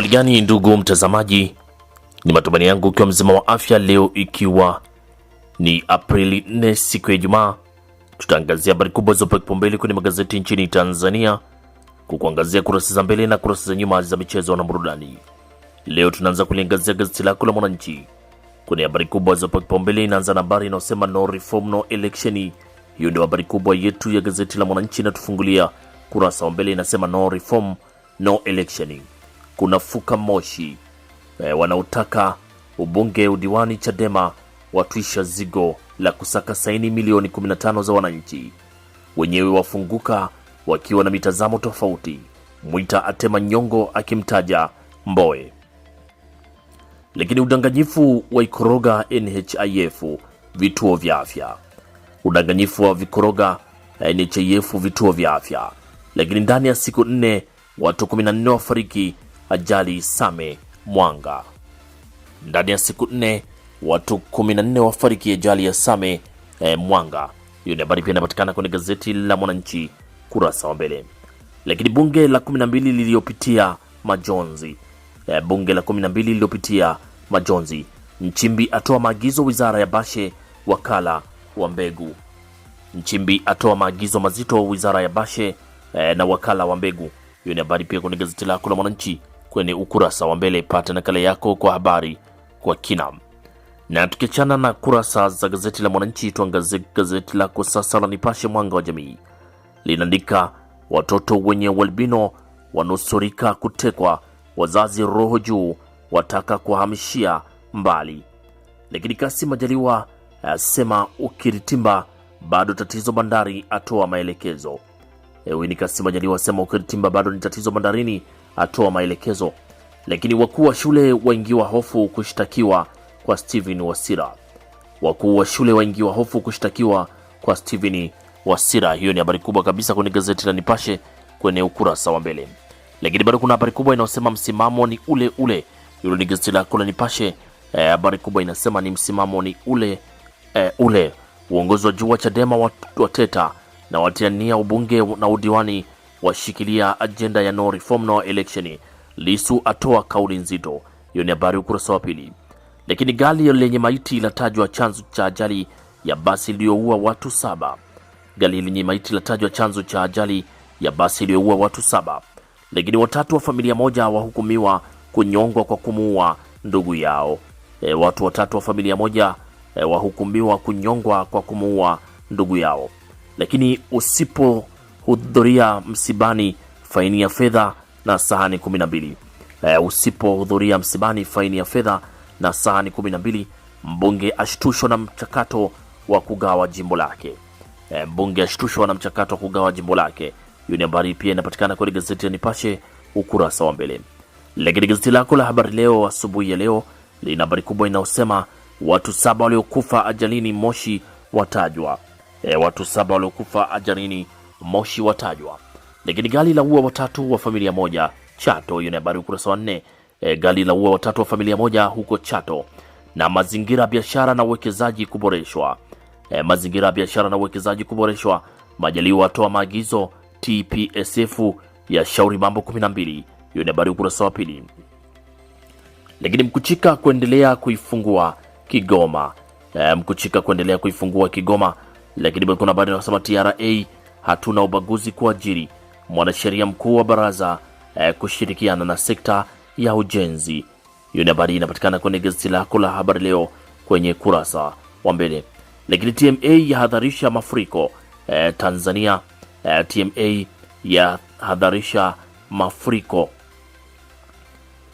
Hali gani ndugu mtazamaji, ni matumaini yangu ukiwa mzima wa afya. Leo ikiwa ni Aprili 4 siku ya Ijumaa, tutaangazia habari kubwa zilizopewa kipaumbele kwenye magazeti nchini Tanzania, kukuangazia kurasa za mbele na kurasa za nyuma za michezo na burudani. Leo tunaanza kuliangazia gazeti lako la Mwananchi kwenye habari kubwa zilizopewa kipaumbele. Inaanza na habari inayosema no reform no election. Hiyo ndio habari kubwa yetu ya gazeti la Mwananchi, inatufungulia kurasa wa mbele, inasema no reform no election kunafuka moshi e, wanaotaka ubunge udiwani Chadema watwisha zigo la kusaka saini milioni 15 za wananchi. Wenyewe wafunguka wakiwa na mitazamo tofauti. Mwita atema nyongo akimtaja Mboe. Lakini udanganyifu wa ikoroga NHIF vituo vya afya, udanganyifu wa vikoroga eh, NHIF vituo vya afya. Lakini ndani ya siku nne watu 14 wafariki ajali Same Mwanga. Ndani ya siku nne watu 14 wafariki ajali ya Same eh, Mwanga. Hiyo ni habari pia inapatikana kwenye gazeti la Mwananchi kurasa wa mbele. Lakini bunge la 12 liliyopitia majonzi eh, bunge la 12 liliyopitia majonzi. Nchimbi atoa maagizo wizara ya Bashe wakala wa mbegu. Nchimbi atoa maagizo mazito wizara ya Bashe eh, na wakala wa mbegu. Hiyo ni habari pia kwenye gazeti lako la Mwananchi kwenye ukurasa wa mbele. Pata nakala yako kwa habari kwa kina. Na tukiachana na kurasa za gazeti la Mwananchi, tuangazie gazeti lako sasa la Nipashe Mwanga wa Jamii. Linaandika watoto wenye ualbino wanusurika kutekwa, wazazi roho juu, wataka kuhamishia mbali. Lakini Kassim Majaliwa asema ukiritimba bado tatizo bandari, atoa maelekezo. Ewe ni Kassim Majaliwa asema ukiritimba bado ni tatizo bandarini atoa maelekezo. Lakini wakuu wa shule waingiwa hofu kushtakiwa kwa Steven Wasira. Wakuu wa shule waingiwa hofu kushtakiwa kwa Steven Wasira. Hiyo ni habari kubwa kabisa kwenye gazeti la Nipashe kwenye ukurasa wa mbele, lakini bado kuna habari kubwa inayosema msimamo ni ule ule. Hilo ni gazeti lako la Nipashe. Eh, habari e, kubwa inasema ni msimamo ni ule e, ule. Uongozi wa juu wa Chadema wateta na watiania ubunge na udiwani washikilia ajenda ya no reform no election. Lisu atoa kauli nzito. Hiyo ni habari ukurasa wa pili. Lakini gari lenye maiti linatajwa chanzo cha ajali ya basi iliyoua watu saba. Gari lenye maiti linatajwa chanzo cha ajali ya basi iliyoua watu saba. Lakini watatu wa familia moja wahukumiwa kunyongwa kwa kumuua ndugu yao. E, watu watatu wa familia moja e, wahukumiwa kunyongwa kwa kumuua ndugu yao. Lakini usipo hudhuria msibani faini ya fedha na sahani 12. Eh, usipohudhuria msibani faini ya fedha na sahani 12. Mbunge ashtushwa na mchakato wa kugawa jimbo lake. Eh, mbunge ashtushwa na mchakato wa kugawa jimbo lake. Hiyo ni habari pia inapatikana kwenye gazeti ya Nipashe ukurasa wa mbele. Lakini gazeti lako la Habari Leo asubuhi ya leo lina habari kubwa inayosema watu saba waliokufa ajalini Moshi watajwa. E, watu saba waliokufa ajalini Moshi watajwa. Lakini gari la ua watatu wa familia moja Chato. Hiyo ni habari ukurasa wa nne. E, gari la ua watatu wa familia moja huko Chato. Na mazingira biashara na uwekezaji kuboreshwa. E, mazingira ya biashara na uwekezaji kuboreshwa. Majaliwa watoa maagizo TPSF ya shauri mambo 12. Hiyo ni habari ukurasa wa pili. Lakini Mkuchika kuendelea kuifungua Kigoma. E, Mkuchika kuendelea kuifungua Kigoma. Lakini kuna habari inasema TRA hatuna ubaguzi kuajiri mwanasheria mkuu wa baraza eh, kushirikiana na sekta ya ujenzi. Hiyo ni habari inapatikana kwenye gazeti lako la habari leo kwenye kurasa wa mbele. Lakini TMA yahadharisha mafuriko eh, Tanzania. Eh, TMA yahadharisha mafuriko.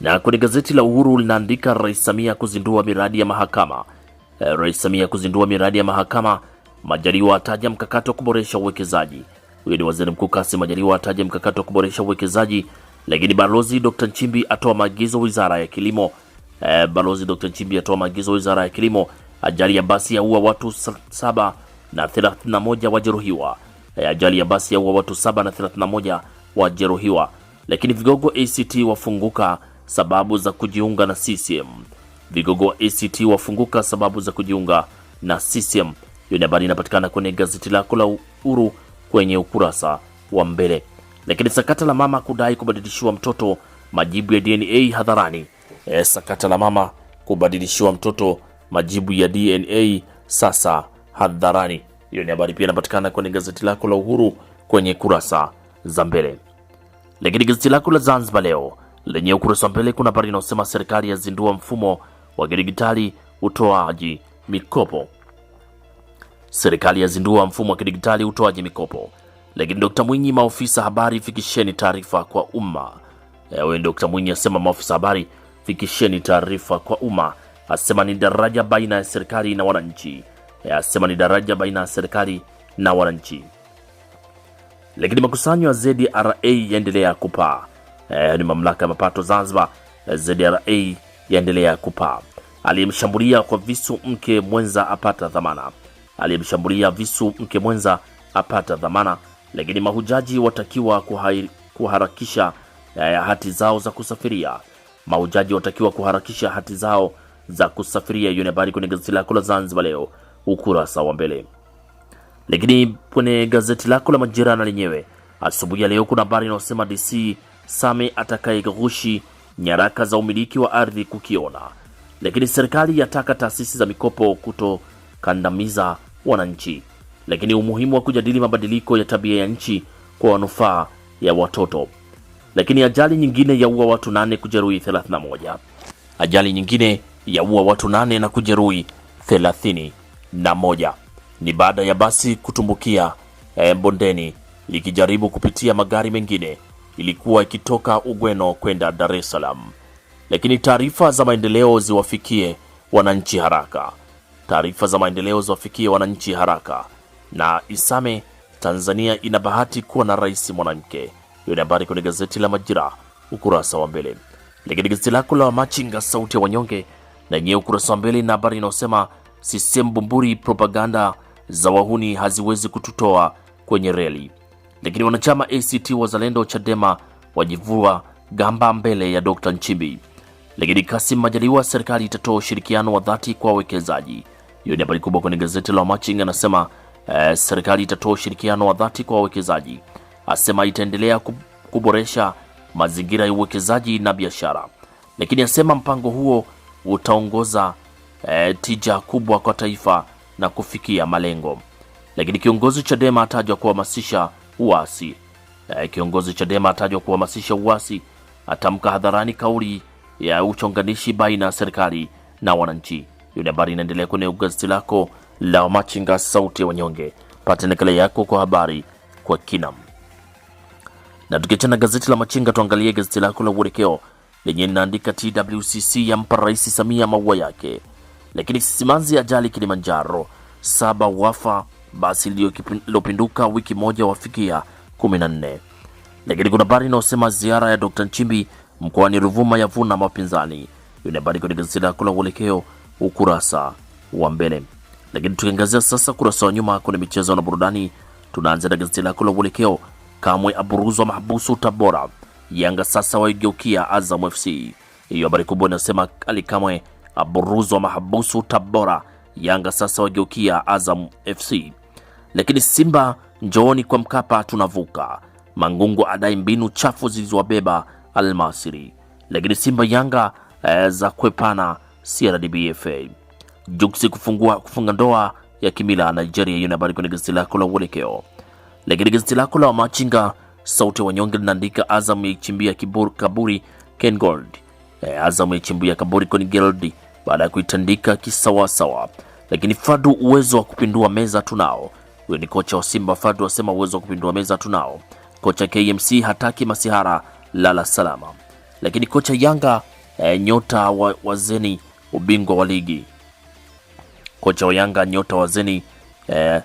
Na kwenye gazeti la Uhuru linaandika Rais Samia kuzindua miradi ya mahakama. Eh, Rais Samia kuzindua miradi ya mahakama Majaliwa ataja mkakati wa kuboresha uwekezaji. Huyo ni waziri mkuu Kassim Majaliwa ataja mkakati wa kuboresha uwekezaji, lakini balozi Dr. Nchimbi atoa maagizo wizara ya kilimo. E, balozi Dr. Nchimbi atoa maagizo wizara ya kilimo. Ajali ya basi yaua watu saba na 31 wajeruhiwa. E, ajali ya basi yaua watu saba na 31 wajeruhiwa. Lakini vigogo ACT wafunguka sababu za kujiunga na CCM. Vigogo wa ACT wafunguka sababu za kujiunga na CCM. Hiyo ni habari inapatikana kwenye gazeti lako la Uhuru kwenye ukurasa wa mbele. Lakini sakata la mama kudai kubadilishiwa mtoto majibu ya DNA hadharani. E, sakata la mama kubadilishiwa mtoto majibu ya DNA sasa hadharani. Hiyo ni habari pia inapatikana kwenye gazeti lako la Uhuru kwenye kurasa za mbele. Lakini gazeti lako la Zanzibar Leo lenye ukurasa wa mbele kuna habari inayosema serikali yazindua mfumo wa kidigitali utoaji mikopo. Serikali yazindua mfumo wa kidigitali utoaji mikopo, lakini Dr Mwinyi, maofisa habari fikisheni taarifa kwa umma. Ewe Dkt Mwinyi asema maofisa habari fikisheni taarifa kwa umma, asema ni daraja baina ya serikali na wananchi, e, asema ni daraja baina ya serikali na wananchi. Lakini makusanyo ya ZRA yaendelea kupaa, Eh, ni mamlaka ya mapato Zanzibar, e, ZRA yaendelea kupaa. Aliyemshambulia kwa visu mke mwenza apata dhamana aliyemshambulia visu mke mwenza apata dhamana, lakini mahujaji watakiwa kuharakisha ya eh, hati zao za kusafiria. Mahujaji watakiwa kuharakisha hati zao za kusafiria. Hiyo ni habari kwenye gazeti lako la Zanzibar Leo ukurasa wa mbele. Lakini kwenye gazeti lako la Majira na lenyewe asubuhi ya leo kuna habari inayosema DC Same atakayeghushi nyaraka za umiliki wa ardhi kukiona. Lakini serikali yataka taasisi za mikopo kutokandamiza wananchi, lakini umuhimu wa kujadili mabadiliko ya tabia ya nchi kwa manufaa ya watoto. Lakini ajali nyingine yaua watu nane kujeruhi 31. Ajali nyingine yaua watu nane na kujeruhi 31 ni baada ya basi kutumbukia eh, bondeni likijaribu kupitia magari mengine. Ilikuwa ikitoka Ugweno kwenda Dar es Salaam. Lakini taarifa za maendeleo ziwafikie wananchi haraka taarifa za maendeleo ziwafikie wananchi haraka. Na isame Tanzania ina bahati kuwa na rais mwanamke. Hiyo ni habari kwenye gazeti la Majira ukurasa wa mbele. Lakini gazeti lako la Machinga sauti ya wanyonge na yenyewe ukurasa wa mbele na habari inayosema sisem bumburi, propaganda za wahuni haziwezi kututoa kwenye reli. Lakini wanachama ACT Wazalendo Chadema wajivua gamba mbele ya Dr. Nchimbi. Lakini Kasim Majaliwa, serikali itatoa ushirikiano wa dhati kwa wawekezaji. Hiyo ni habari kubwa kwenye gazeti la Wamachinga, anasema eh, serikali itatoa ushirikiano wa dhati kwa wawekezaji, asema itaendelea kuboresha mazingira ya uwekezaji na biashara, lakini asema mpango huo utaongoza eh, tija kubwa kwa taifa na kufikia malengo. Lakini kiongozi Chadema atajwa kuhamasisha uasi eh, kiongozi Chadema atajwa kuhamasisha uasi, atamka hadharani kauli ya uchonganishi baina ya serikali na wananchi. Hiyo ni habari inaendelea kwenye gazeti lako la machinga sauti ya wanyonge. Pata nakala yako kwa habari kwa kina. Na tukiachana gazeti la Machinga, tuangalie gazeti lako la Uelekeo lenye linaandika TWCC yampa Rais Samia maua yake, lakini simanzi ajali Kilimanjaro, saba wafa basi lililopinduka wiki moja wafikia 14. Lakini kuna habari inayosema ziara ya Dr. Nchimbi mkoani Ruvuma yavuna mapinzani. Yuna habari kwenye gazeti lako la Uelekeo ukurasa wa mbele. Lakini tukiangazia sasa kurasa wa nyuma kwenye michezo na burudani, tunaanza na gazeti lako la Uelekeo. Kamwe aburuzwa mahabusu Tabora, Yanga sasa waigeukia Azam FC. Hiyo habari kubwa inasema Ali Kamwe aburuzwa mahabusu Tabora, Yanga sasa waigeukia Azam FC. Lakini Simba njooni kwa Mkapa tunavuka, Mangungu adai mbinu chafu zilizowabeba Almasiri. Lakini Simba Yanga eh, za kwepana CRDBFA. Juksi kufungua kufunga ndoa ya kimila Nigeria. Hiyo ni habari kwenye gazeti lako la Uelekeo. Lakini gazeti lako la Wamachinga Sauti ya Wanyonge linaandika Azam yaichimbia kaburi Ken Gold. E, Azam yaichimbia kaburi Ken Gold baada ya kuitandika kisawasawa. Lakini Fadu, uwezo wa kupindua meza tunao. Huyo ni kocha wa Simba Fadu asema uwezo wa kupindua meza tunao. Kocha KMC hataki masihara lala salama. Lakini kocha Yanga e, nyota wa, wazeni ubingwa wa ligi. Kocha wa Yanga nyota wazeni eh,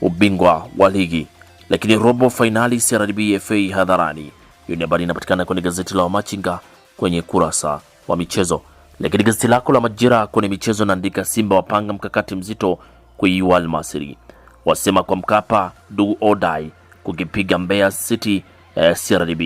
ubingwa wa ligi. Lakini robo fainali CRDBFA hadharani. Hiyo ni habari inapatikana kwenye gazeti la Wamachinga kwenye kurasa wa michezo. Lakini gazeti lako la Majira kwenye michezo naandika Simba wapanga mkakati mzito kuiua Almasiri, wasema kwa Mkapa do or die kukipiga Mbeya City eh, CRDB.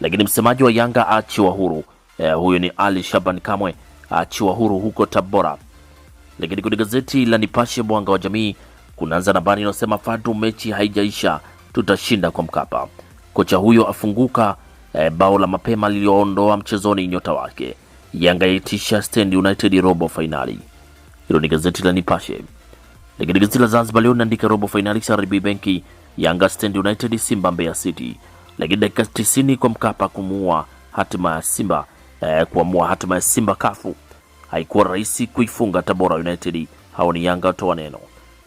Lakini msemaji wa Yanga achi wa huru eh, huyo ni Ali Shaban Kamwe achiwa huru huko Tabora. Lakini kwenye gazeti la Nipashe mwanga wa jamii kunaanza na habari inayosema Fadu, mechi haijaisha, tutashinda kwa Mkapa. Kocha huyo afunguka e, bao la mapema lilioondoa mchezoni nyota wake. Yanga yaitisha Stand United robo fainali. Hilo ni gazeti la Nipashe. Lakini gazeti la Zanzibar leo linaandika robo fainali RB Benki, Yanga Stand United, Simba Mbeya City. Lakini dakika 90 kwa Mkapa kumuua hatima ya Simba eh, kuamua hatima ya Simba kafu. Haikuwa rahisi kuifunga Tabora United, hao ni Yanga watoa neno.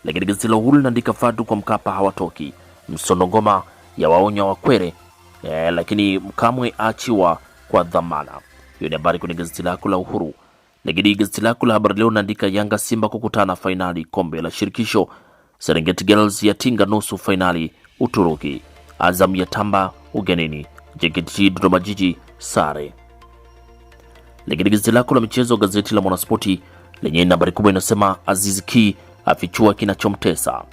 Lakini gazeti la Uhuru linaandika Fadu kwa Mkapa hawatoki, msonongoma ya waonya Wakwere eh, lakini Mkamwe achiwa kwa dhamana. Hiyo ni habari kwenye gazeti lako la Uhuru. Lakini gazeti lako la Habari Leo linaandika Yanga Simba kukutana fainali kombe la shirikisho, Serengeti Girls yatinga nusu fainali Uturuki, Azam ya tamba ugenini, JKT Dodoma Jiji sare lakini gazeti lako la michezo, gazeti la Mwanaspoti lenye nambari kubwa inasema Aziz Ki afichua kinachomtesa,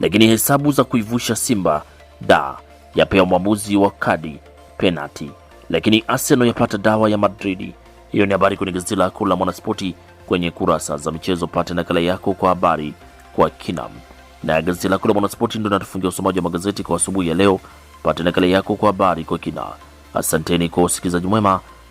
lakini hesabu za kuivusha Simba da yapewa mwamuzi wa kadi penati. lakini Arsenal yapata dawa ya Madridi. Hiyo ni habari kwenye gazeti lako la Mwanaspoti kwenye kurasa za michezo. Pate nakala yako kwa habari kwa kina, na gazeti lako la Mwanaspoti ndo natufungia usomaji wa magazeti kwa asubuhi ya leo. Pate nakala yako kwa habari kwa kina. Asanteni kwa usikilizaji mwema